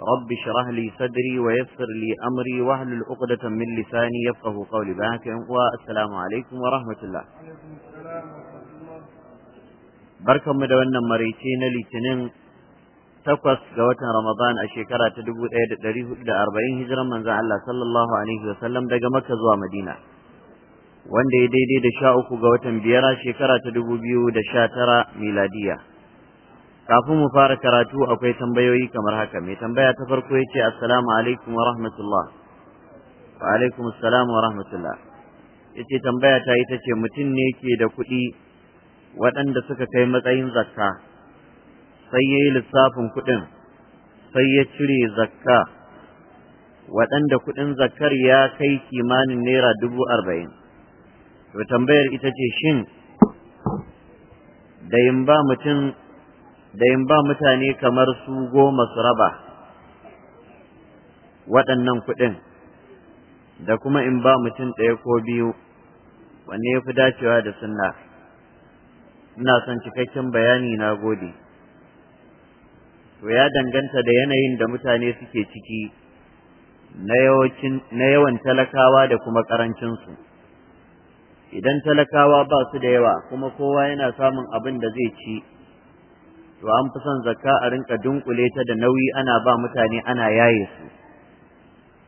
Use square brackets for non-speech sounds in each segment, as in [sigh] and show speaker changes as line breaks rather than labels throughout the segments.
رب اشرح لي صدري ويسر لي أمري واحلل عقدة من لساني يفقه قولي بهاك والسلام عليكم ورحمة الله barkan mu da wannan maraice na litinin takwas ga watan ramadan a shekara ta dubu ɗaya da ɗari hudu da arba'in hijiran manzon Allah sallallahu alaihi daga makka zuwa madina wanda ya daidai da sha uku ga watan biyar shekara ta dubu biyu da sha tara miladiya kafin mu fara karatu akwai tambayoyi kamar haka mai tambaya ta farko yace assalamu alaikum wa rahmatullah wa alaikum assalam wa rahmatullah yace tambaya ta ita ce mutum ne ke da kuɗi waɗanda suka kai matsayin zakka sai yayi lissafin kuɗin sai ya cire zakka waɗanda kuɗin zakkar ya kai kimanin naira dubu arba'in to tambayar ita ce shin da in ba mutum da in ba mutane kamar su goma su raba waɗannan kuɗin da kuma in ba mutum ɗaya ko biyu wanne ya fi dacewa da sunna ina son cikakken bayani na gode to ya danganta da yanayin da mutane suke ciki na yawan talakawa da kuma ƙarancinsu idan talakawa ba su da yawa kuma kowa yana samun abin da zai ci to an fi son zakka a rinka dunkule ta da nauyi ana ba mutane ana yaye su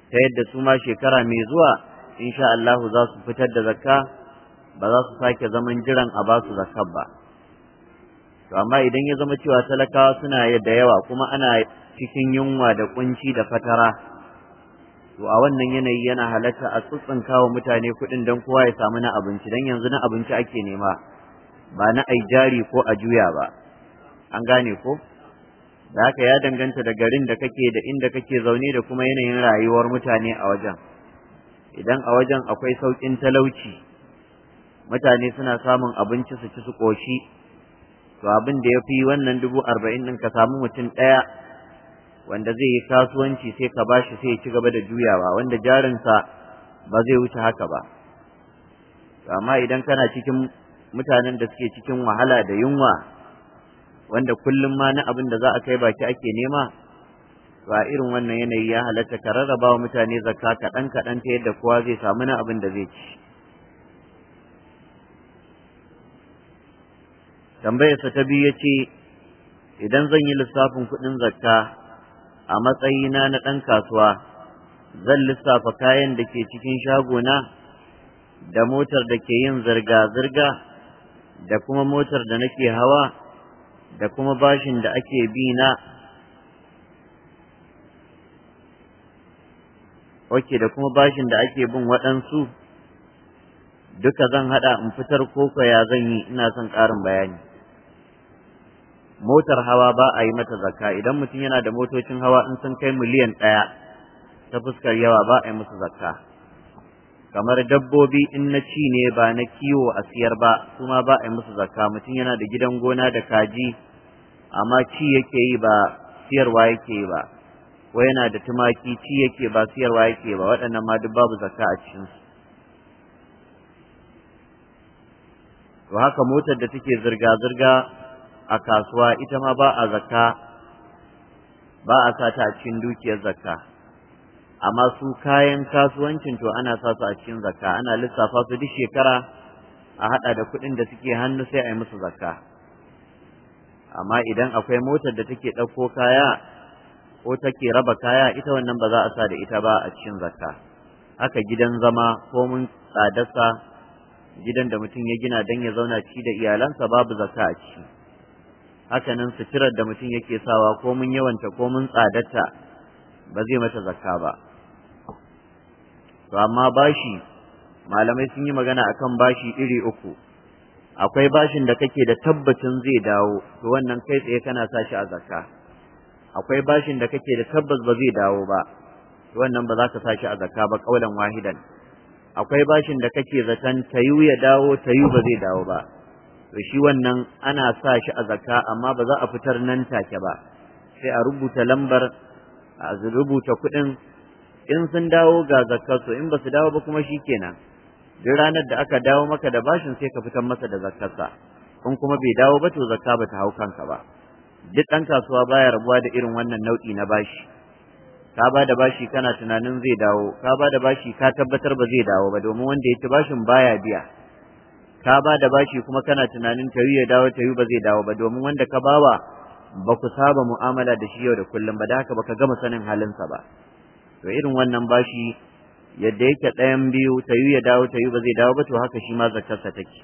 ta yadda su ma shekara mai zuwa insha Allah za su fitar da zakka ba za su sake zaman jiran a ba su zakkar ba to amma idan ya zama cewa talakawa suna da yawa kuma ana cikin yunwa da kunci da fatara to a wannan yanayi yana halatta a tsutsunka kawo mutane kuɗin don kowa ya samu na abinci don yanzu na abinci ake nema ba na ai jari ko a juya ba an gane ko da haka ya danganta da garin da kake da inda kake zaune da kuma yanayin rayuwar mutane a wajen idan a wajen akwai sauƙin talauci mutane suna samun abinci su ci su ƙoshi to abin da ya fi wannan dubu arba'in ɗin ka samu mutum ɗaya wanda zai yi kasuwanci sai ka bashi sai ya ci gaba da juyawa wanda jarinsa ba zai wuce haka ba amma idan kana cikin mutanen da suke cikin wahala da yunwa wanda kullum ma na abin da za a kai baki ake nema to a irin wannan yanayi ya halatta ka rarraba wa mutane zakka kaɗan kaɗan ta yadda kowa zai samu na abin da zai ci tambayarsa ta biyu ya ce idan zan yi lissafin kuɗin zakka a matsayina na ɗan kasuwa zan lissafa kayan da ke cikin shagona da motar da ke yin zirga-zirga da kuma motar da nake hawa da kuma bashin da ake bi na ok da kuma bashin da ake bin waɗansu duka zan haɗa in fitar koko ya zan yi ina son ƙarin bayani motar hawa ba a yi mata zakka idan mutum yana da motocin hawa in sun kai miliyan ɗaya ta fuskar yawa ba a yi musu zakka kamar dabbobi in na ci ne ba na kiwo a siyar ba su ba a yi musu zakka mutum yana da gidan gona da kaji amma ci yake yi ba siyarwa yake yi ba ko yana da tumaki ci yake ba siyarwa yake ba waɗannan ma duk babu zakka a su. to haka motar da take zirga-zirga a kasuwa ita ma ba a zakka ba a sata a cikin dukiyar zakka amma su kayan kasuwancin to ana sa su a cikin zakka ana lissafa su duk shekara a haɗa da kuɗin da suke hannu sai a yi musu zakka amma idan akwai motar da take ɗauko kaya ko take raba kaya ita wannan ba za a sa da ita ba a cikin zakka haka gidan zama ko mun tsadarsa gidan da mutum ya gina don ya zauna ci da iyalansa babu zakka a ciki hakanan suturar da mutum yake sawa ko mun yawanta ko mun tsadarta ba zai mata zakka ba to amma bashi malamai sun yi magana akan bashi iri uku akwai bashin da kake da tabbacin zai dawo to wannan kai tsaye kana sa shi a zakka akwai bashin da kake da tabbas ba zai dawo ba to wannan ba za ka sa shi a zakka ba kaulan wahidan akwai bashin da kake zaton tayu ya dawo tayu ba zai dawo ba to shi wannan ana sa shi a zakka amma ba za a fitar nan take ba sai a rubuta lambar a rubuta kuɗin in sun dawo ga zakkarsu in ba su dawo ba kuma shi kenan duk ranar da aka dawo maka da bashin sai ka fitar masa da zakkarsa in kuma bai dawo ba to zakka ba ta hau kanka ba duk ɗan kasuwa baya rabuwa da irin wannan nau'i na bashi ka ba da bashi kana tunanin zai dawo ka ba da bashi ka tabbatar ba zai dawo ba domin wanda ya ci bashin baya biya ka ba da bashi kuma kana tunanin tayu ya dawo tayu ba zai dawo ba domin wanda ka bawa ba ku saba mu'amala da shi yau da kullum ba da haka ba ka gama sanin halinsa ba to irin wannan bashi yadda yake ɗayan biyu tayu ya dawo tayu ba zai dawo ba to haka shi ma zakarsa take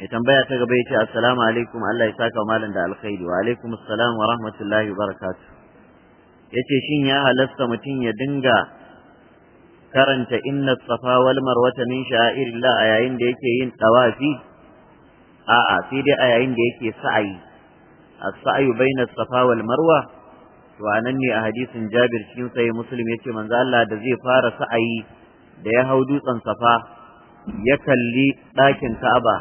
mai tambaya ta gaba yace assalamu alaikum Allah ya saka malam da alkhairi wa alaikum assalam wa rahmatullahi wa barakatuh yace shin ya halasta mutum ya dinga karanta inna safa wal marwata min sha'irillah a yayin da yake yin tawafi a'a sai dai a yayin da yake sa'ayi as-sa'yu baina safa wal marwa to ne a hadisin Jabir cikin sai Muslim yace manzo Allah da zai fara sa'ayi da ya hau dutsen Safa ya kalli ɗakin Ka'aba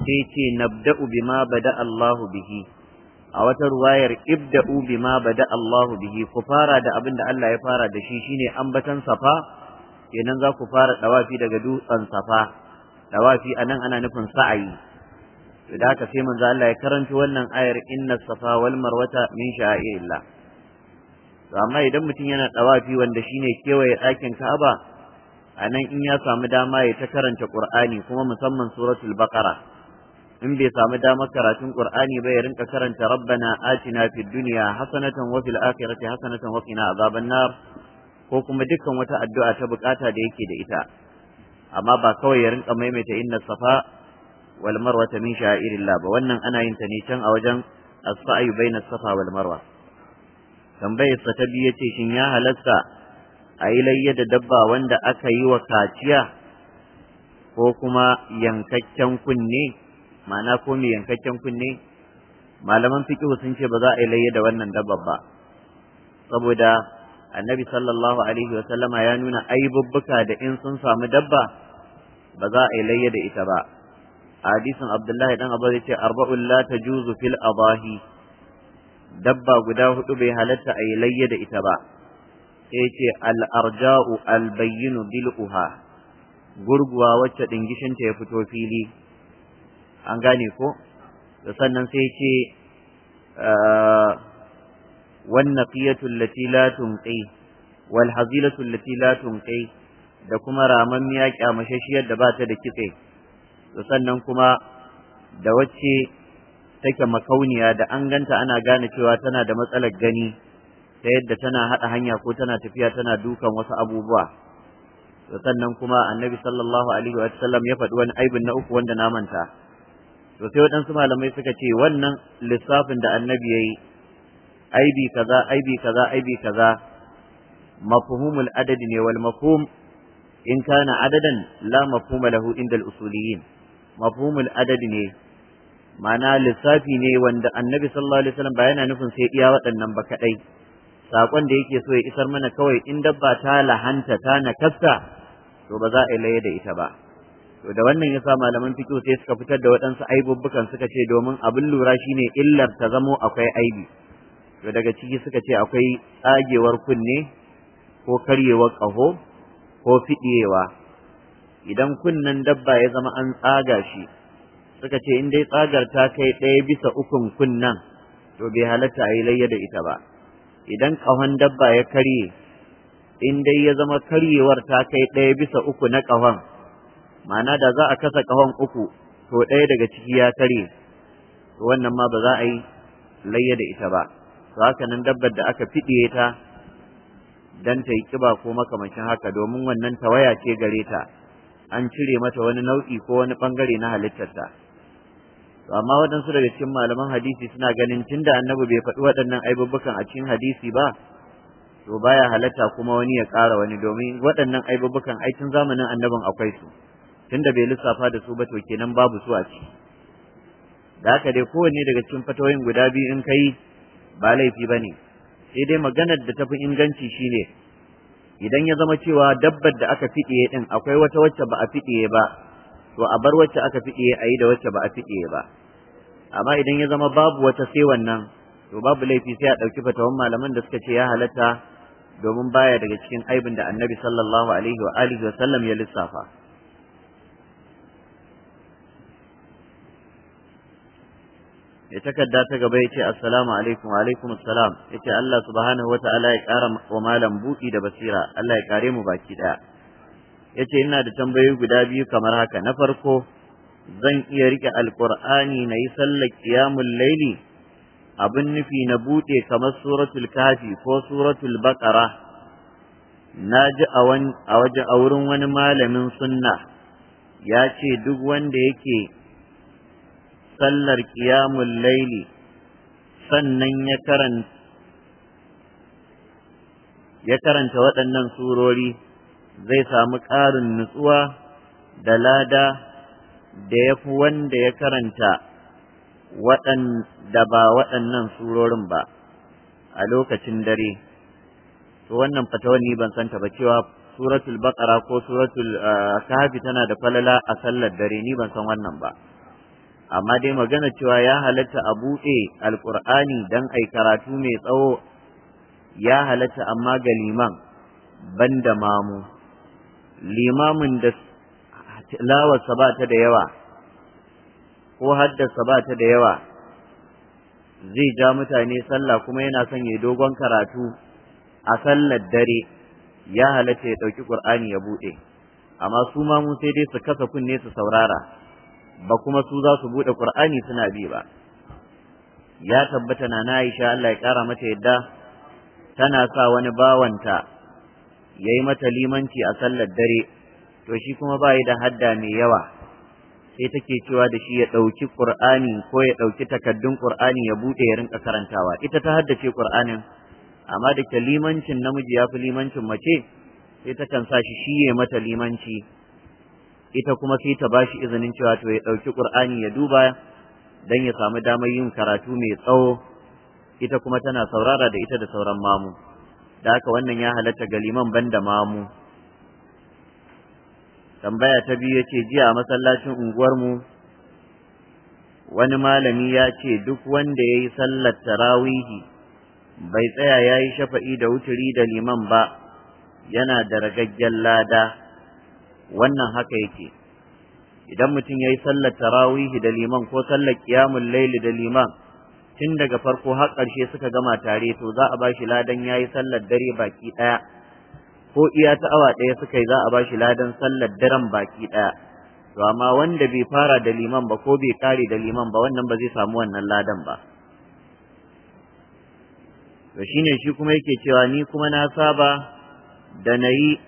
sai ce nabda'u bima bada Allahu bihi a wata ruwayar ibda'u bima bada Allahu bihi ku fara da abin da Allah ya fara da shi shine ambatan Safa kenan za ku fara dawafi daga dutsen Safa dawafi anan ana nufin sa'ayi da haka sai manzo Allah ya karanci wannan ayar inna safa wal marwata min sha'irillah to amma idan mutum yana tsawafi wanda shine kewaye ɗakin Ka'aba a nan in ya samu dama ya ta karanta Qur'ani kuma musamman suratul Baqara in bai samu damar karatun Qur'ani ba ya rinka karanta Rabbana atina fid dunya hasanatan wa fil akhirati hasanatan wa qina azaban nar ko kuma dukkan wata addu'a ta bukata da yake da ita amma ba kawai ya rinka maimaita inna safa wal marwa min sha'irillah ba wannan ana yin ta ne can a wajen as-sa'i baina safa wal marwa tambayar sa ta biyu ce shin ya halatta a yi layya da dabba wanda aka yi wa kaciya ko kuma yankakken kunne ma'ana ko mai yankakken kunne malaman fiƙi sun ce ba za a yi layya da wannan dabba ba saboda annabi sallallahu alaihi wasallama ya nuna aibubbuka da in sun samu dabba ba za a yi layya da ita ba hadisin abdullahi dan abu zai ce arba'un la tajuzu fil adahi dabba guda hudu bai halatta a yi layya da ita ba sai ce al'arja'u albayyinu bil'uha gurguwa wacce ɗingishinta ya fito fili an gane ko da sannan sai ce ah, wannan fiyatun lati la tunqi wal hazilatun lati la tunqi da kuma ramammiya kyamasashiyar da ba ta da kitse da sannan kuma da wacce take makauniya da an ganta ana gane cewa tana da matsalar gani ta yadda tana haɗa hanya ko tana tafiya tana dukan wasu abubuwa sannan kuma annabi sallallahu alaihi wa sallam ya faɗi wani aibin na uku wanda na manta to sai waɗansu malamai suka ce wannan lissafin da annabi ya yi aibi kaza aibi kaza aibi kaza mafhumul adadi ne wal mafhum in kana adadan la mafhuma lahu inda al-usuliyin mafhumul adadi ne ma'ana lissafi ne wanda annabi sallallahu alaihi wasallam ba yana nufin sai iya waɗannan ba kaɗai saƙon da yake so ya isar mana kawai in dabba ta lahanta ta nakasta to ba za a yi laye da ita ba to da wannan yasa malaman fiqh sai suka fitar da waɗansu aibubbukan suka ce domin abin lura shine illar ta zamo akwai aibi to daga ciki suka ce akwai tsagewar kunne ko karyewar ƙaho ko fiɗewa idan kunnen dabba ya zama an tsaga shi suka ce in dai tsagar ta kai ɗaya bisa ukun kunnan to bai halatta a yi layya da ita ba idan ƙahon dabba ya karye in dai ya zama karyewar ta kai ɗaya bisa uku na ƙahon ma'ana da za a kasa ƙahon uku to ɗaya daga ciki ya karye to wannan ma ba za a yi layya da ita ba to haka nan dabbar da aka fiɗe ta dan ta yi kiba ko makamancin haka domin wannan tawaya ce gare ta an cire mata wani nau'i ko wani ɓangare na halittarta. amma waɗansu daga cikin malaman hadisi suna ganin tunda annabi bai faɗi waɗannan aibubukan a cikin hadisi ba to baya halatta kuma wani ya ƙara wani domin waɗannan aibubukan ai tun zamanin annabin akwai su tunda bai lissafa da su ba to kenan babu su a ciki da haka dai kowanne daga cikin fatoyin guda biyu in kai ba laifi ba ne sai dai maganar da tafi inganci shine idan ya zama cewa dabbar da aka fiɗiye ɗin akwai wata wacce ba a fiɗiye ba to a bar wacce aka fiɗe a yi da wacce ba a fiɗe ba amma idan ya zama babu wata sai wannan to babu laifi sai a ɗauki fatawan malaman da suka ce ya halatta domin baya daga cikin aibin da annabi sallallahu alaihi wa alihi wa sallam ya lissafa ya takarda ta gaba ya ce assalamu alaikum wa alaikum assalam ya ce Allah subhanahu wa ta'ala ya ƙara wa malam buɗi da basira Allah ya kare mu baki ɗaya yace ina da tambayoyi guda biyu kamar haka na farko zan iya rike alqur'ani na yi sallar qiyamul laili abin nufi na bude kamar suratul kafi ko suratul baƙara. na ji a waje a wurin wani malamin sunna ya ce duk wanda yake sallar qiyamul laili sannan ya karanta waɗannan surori zai samu ƙarin nutsuwa da lada da ya fi wanda ya karanta waɗanda ba waɗannan surorin ba a lokacin dare to wannan fatawar ni ban santa ba cewa suratul baqara ko suratul kafi tana da falala a sallar dare ni ban san wannan ba amma dai magana cewa ya halatta a buɗe alƙur'ani don ai karatu mai tsawo ya halatta amma ga liman banda mamu limamin da lawarsa ba da yawa ko haddasa ba da yawa zai ja mutane sallah kuma yana son ya dogon karatu a sallar dare ya halatta ya ɗauki ƙur'ani ya buɗe amma su ma mun sai dai su kasa kunne su saurara ba kuma su za su buɗe ƙur'ani suna bi ba ya tabbata Nana Aisha Allah ya ƙara mata yadda tana sa wani bawanta ya yi mata limanci a sallar dare to shi kuma ba da hadda mai yawa sai take cewa da shi ya ɗauki ƙur'ani ko ya ɗauki takaddun ƙur'ani ya buɗe ya rinka karantawa ita ta haddace ƙur'anin amma da ke limancin namiji ya fi limancin mace sai ta kan sa shi shi ya mata limanci ita kuma sai ta bashi izinin cewa to ya ɗauki ƙur'ani ya duba don ya samu damar yin karatu mai tsawo ita kuma tana saurara da ita da sauran mamu. da haka wannan ya halatta ga liman ban da mamu tambaya ta biyu yace jiya a masallacin unguwarmu wani malami ya ce duk wanda ya yi sallar tarawihi bai tsaya ya yi shafa'i da wuturi da liman ba yana da ragaggen lada wannan haka yake idan mutum ya yi sallar tarawihi da liman ko sallar ƙiyamun laili da liman tun daga farko har ƙarshe suka gama tare to za a bashi ladan yayi sallar dare baki ɗaya ko iya ta awa ɗaya suka yi za a bashi ladan sallar daren baki ɗaya to amma wanda bai fara da liman ba ko bai kare da liman ba wannan ba zai samu wannan ladan ba to shine shi kuma yake cewa ni kuma na saba da nayi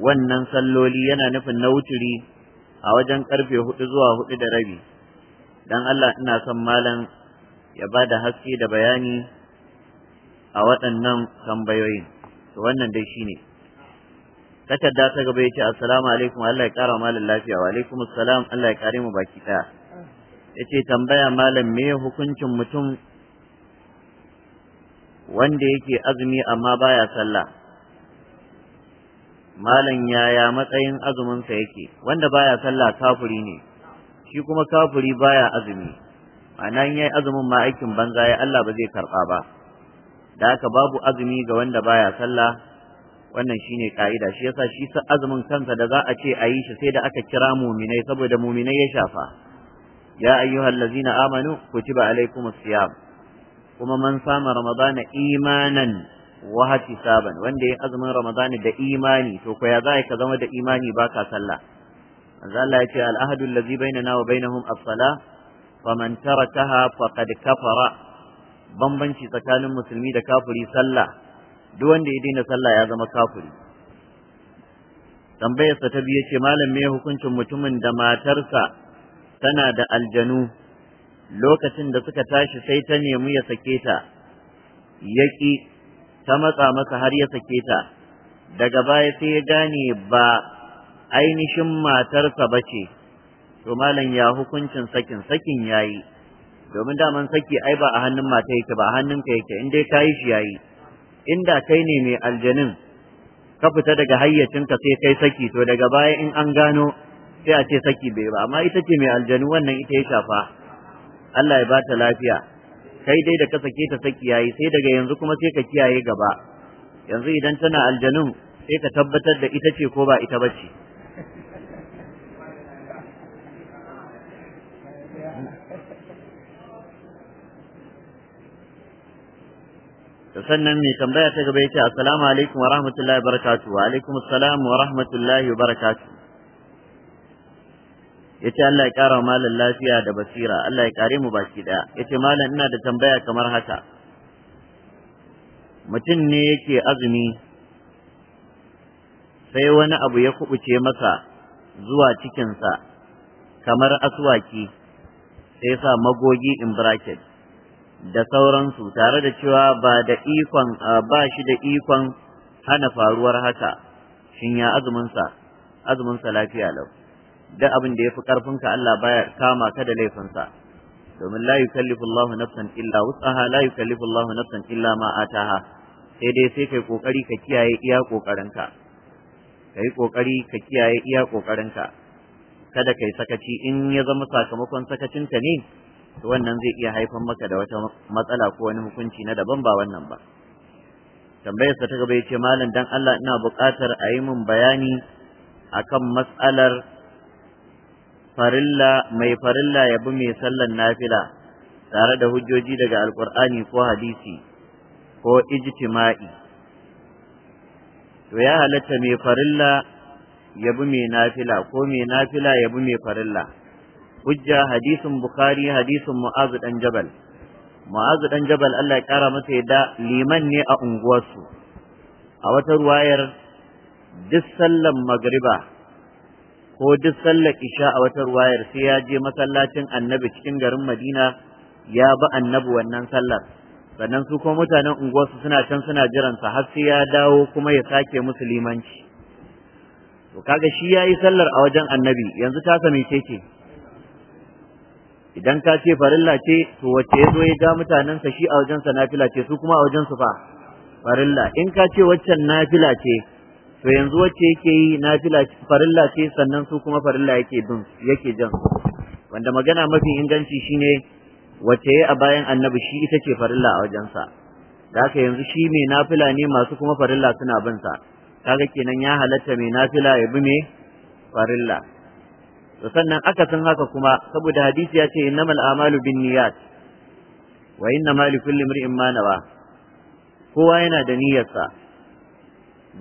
wannan salloli yana nufin na wuturi a wajen karfe hudu zuwa hudu da rabi dan Allah ina son malam ya ba da haske da bayani a waɗannan tambayoyin to wannan dai shine takarda ta gaba ya ce assalamu alaikum Allah ya kara malam lafiya wa alaikum assalam Allah ya kare mu baki ɗaya ya ce tambaya malam me hukuncin mutum wanda yake azumi amma baya sallah malam yaya matsayin azuminsa yake wanda baya sallah kafuri ne shi kuma kafuri baya azumi ma'ana in yayi azumin ma aikin banza ya Allah ba zai karɓa ba da aka babu azumi ga wanda baya sallah wannan shine ka'ida shi yasa shi azumin kansa da za a ce a yi shi sai da aka kira muminai saboda muminai ya shafa ya ayyuhal ladzina amanu kutiba alaikumus siyam kuma man sama ramadana imanan wa hatisaban wanda ya azumin ramadana da imani to ko ya za ka zama da imani baka sallah manzo Allah ya ce al ahadu allazi bainana wa bainahum as-salah faman ta faqad kafara bambanci tsakanin musulmi da kafiri sallah duk wanda ya daina sallah ya zama kafiri tambayarsa ta biye ce malam me hukuncin mutumin da matarsa tana da aljanu lokacin da suka tashi sai ta nemi ya sake ta yaƙi ta matsa masa har ya sake ta daga baya sai ya gane ba ainihin matarsa ba ce to malam ya hukuncin sakin sakin yayi domin daman saki ai ba a hannun mata yake ba a hannunka yake in dai kayi shi yayi inda kai ne mai aljanin ka fita daga hayyacinka sai kai saki to daga baya in an gano sai a ce saki bai ba amma ita ce mai aljanu wannan ita ya shafa Allah ya ba ta lafiya kai dai da ka sake ta saki yayi sai daga yanzu kuma sai ka kiyaye gaba yanzu idan tana aljanun sai ka tabbatar da ita ce ko ba ita bace sannan mai tambaya ta gaba yace assalamu alaikum wa rahmatullahi wa barakatuh wa alaikum assalam wa rahmatullahi wa barakatuh yace Allah ya kara malan lafiya da basira Allah ya kare mu baki daya yace malan ina da tambaya kamar haka mutum ne yake azumi sai wani abu ya kubuce masa zuwa cikinsa kamar aswaki sai sa magogi in bracket da sauransu tare da cewa ba da ikon ba shi da ikon hana faruwar haka shin ya azuminsa azuminsa lafiya lau duk abin da ya fi ƙarfinka Allah baya kama ka da laifinsa domin la yukallifu Allahu nafsan illa wus'aha la yukallifu Allahu nafsan illa ma ataha sai dai sai kai kokari ka kiyaye iya kokarinka kai kokari ka kiyaye iya kokarinka kada kai sakaci in ya zama sakamakon sakacinka ne to wannan zai iya haifar maka da wata matsala ko wani hukunci na daban ba wannan ba tambayar sa ta gaba yace malam dan Allah ina buƙatar a yi min bayani akan matsalar farilla mai farilla ya bi mai sallan nafila tare da hujjoji daga alkur'ani ko hadisi ko ijtima'i to ya halatta mai farilla ya bi mai nafila ko mai nafila ya bi mai farilla hujja hadisin bukhari hadisin mu'azu dan jabal mu'azu dan jabal Allah ya kara masa yadda liman ne a unguwarsu a wata ruwayar duk sallan magriba ko duk sallar isha a wata ruwayar sai ya je masallacin annabi cikin garin madina ya ba annabi wannan sallar sannan su kuma mutanen unguwarsu suna can suna jiran sa har sai ya dawo kuma ya sake musu limanci to kaga shi yayi sallar a wajen annabi yanzu ta same ce idan ka ce farilla ce to wacce ya zo ya mutanensa shi a wajensa nafila ce su kuma a wajensu fa farilla in ka ce waccan nafila ce to yanzu wacce yake yi nafila farilla ce sannan su kuma farilla yake bin yake jan wanda magana mafi inganci shine wacce a bayan annabi shi ita ce farilla a wajensa da haka yanzu shi mai nafila ne masu kuma farilla suna bin sa kaga kenan ya halatta mai nafila ya bi mai farilla sannan akasin haka kuma saboda hadisi ya ce innamal amalu bin niyyat wa ma li kulli imri'in ma nawa kowa yana da niyyarsa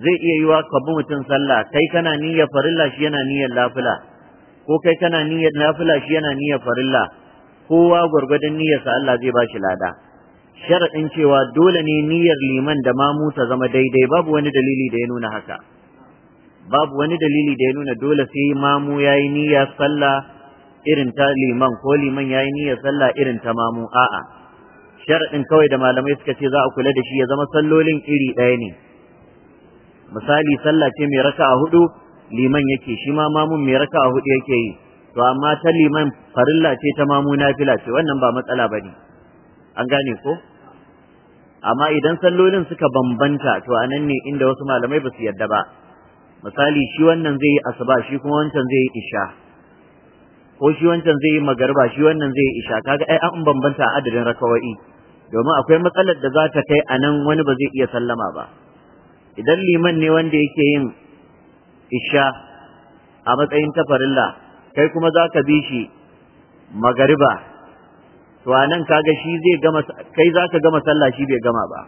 zai iya yiwa ka bi mutum sallah kai kana niyyar farilla shi yana niyyar lafila ko kai kana niyyar lafila shi yana niyyar farilla kowa gwargwadon niyyarsa Allah zai ba shi lada sharaɗin cewa dole ne niyyar liman da mamu ta zama daidai babu wani dalili da ya nuna haka babu wani dalili da ya nuna dole sai mamu ya yi niyyar sallah irin ta liman ko liman ya yi niyyar sallah irin ta mamu a'a sharaɗin kawai da malamai suka ce za a kula da shi ya zama sallolin iri ɗaya ne misali sallah ce mai raka'a hudu liman yake shi ma mamun mai raka'a hudu yake yi to amma ta liman farilla ce ta mamu nafila ce wannan ba matsala ba ne an gane ko amma idan sallolin suka bambanta to anan ne inda wasu malamai ba su yarda ba misali shi wannan zai yi asuba shi kuma wancan zai yi isha ko shi wancan zai yi magarba shi wannan zai yi isha kaga ai an bambanta adadin rakawa'i domin akwai matsalar da za ta kai anan wani ba zai iya sallama ba idan liman ne wanda yake yin isha a matsayin tafarilla kai kuma za ka bi shi magariba to a nan kaga shi zai gama kai za ka gama sallah shi bai gama ba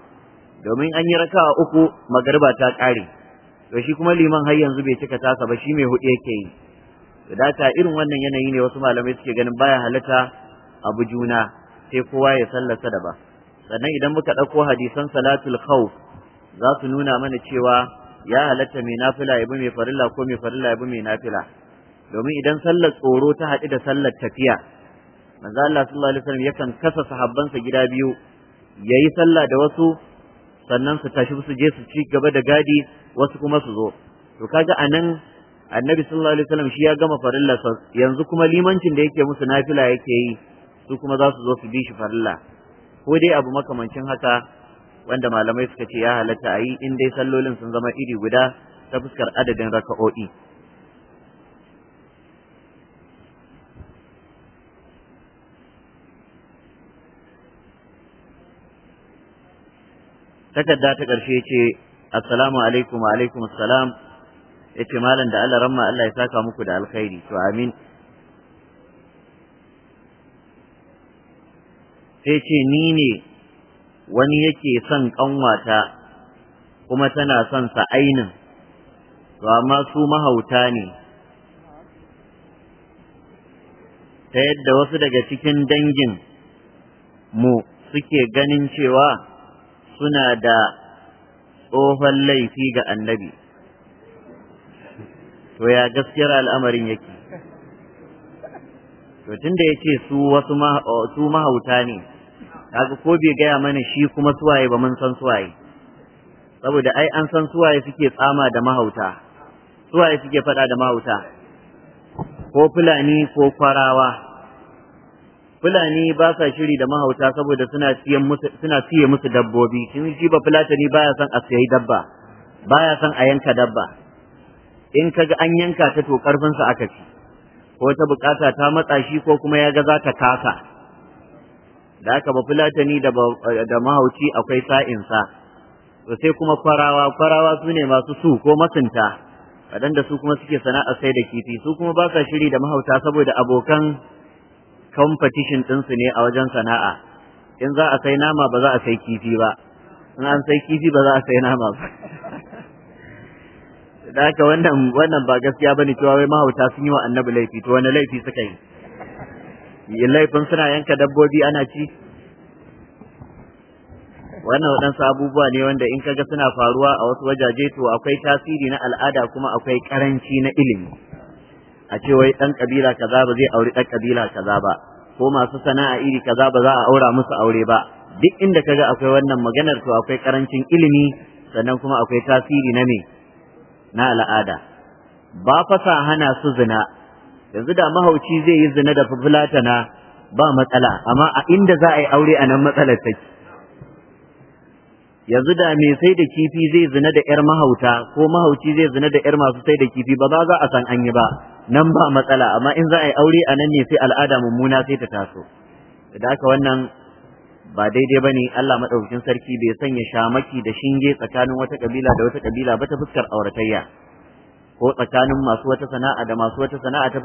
domin an yi raka'a uku magariba ta ƙare to shi kuma liman har yanzu bai cika tasa ba shi mai hudu yake yi to ta irin wannan yanayi ne wasu malamai suke ganin baya halatta abu juna sai kowa ya sallasa da ba sannan idan muka ɗauko hadisan salatul khawf za su nuna mana cewa ya halatta mai nafila ya bi mai farilla ko mai farilla ya bi mai nafila domin idan sallar tsoro ta haɗu da sallar tafiya manzo Allah sallallahu alaihi wasallam yakan kasa sahabbansa gida biyu yayi sallah da wasu sannan su tashi su je su ci gaba da gadi wasu kuma su zo to kaga anan annabi sallallahu alaihi wasallam shi ya gama farilla yanzu kuma limancin da yake musu nafila yake yi su kuma za su zo su bi shi farilla ko dai abu makamancin haka wanda malamai suka ce ya halatta a yi in dai sallolin sun zama iri guda ta fuskar adadin raka'o'i takarda ta ƙarshe ce assalamu alaikum wa alaikum assalam yace malam da Allah ramma Allah ya saka muku da alkhairi to amin sai ni ne wani yake son kanwata kuma tana son sa ainin to amma su mahauta ne ta yadda wasu daga cikin dangin mu suke ganin cewa suna da tsohon laifi ga annabi to ya gaskiyar al'amarin yake to tunda ya ce su wasu su mahauta ne kaga ko bai gaya mana shi kuma suwaye ba mun san suwaye saboda ai an san suwaye suke tsama da mahauta suwaye suke faɗa da mahauta ko fulani ko kwarawa fulani ba sa shiri da mahauta saboda suna siyan musu suna siye musu dabbobi kin ji ba fulatani baya son a siyayi dabba baya son a yanka dabba in kaga an yanka ta to karfin sa aka ci ko ta bukata ta matsa shi ko kuma ya ga za ta kasa da aka ba fulatani da da mahauci akwai sa'in sa to sai kuma kwarawa kwarawa su ne masu su ko masunta waɗanda su kuma suke sana'a sai da kifi su kuma ba sa shiri da mahauta saboda abokan competition ɗinsu ne a wajen sana'a in za a sai nama ba za a sai kifi ba in an sai kifi ba za a sai nama ba [laughs] da haka wannan wannan ba gaskiya bane cewa wai mahauta sun yi wa annabi laifi to wani laifi suka yi laifin suna yanka dabbobi ana ci wannan waɗansu abubuwa ne wanda in kaga suna faruwa a wasu wajaje to akwai tasiri na al'ada kuma akwai ƙaranci na ilimi a ce wai ɗan ƙabila kaza ba zai auri ɗan ƙabila kaza ba ko masu sana'a iri kaza ba za a aura musu aure ba duk inda ka ga akwai wannan maganar to akwai karancin ilimi sannan kuma akwai tasiri na me na al'ada ba fa sa hana su zina yanzu da mahauci zai yi zina da fulatana ba matsala amma a inda za a yi aure a nan matsalar take yanzu da me sai da kifi zai zina da 'yar mahauta ko mahauci zai zina da 'yar masu sai da kifi ba za a san an yi ba nan ba matsala amma in za a yi aure a nan ne sai al'ada mummuna sai ta taso da haka wannan ba daidai ba ne. Allah maɗaukakin sarki bai sanya shamaki da shinge tsakanin wata kabila da wata kabila ba ta fuskar auratayya ko tsakanin masu wata sana'a da masu wata sana'a ta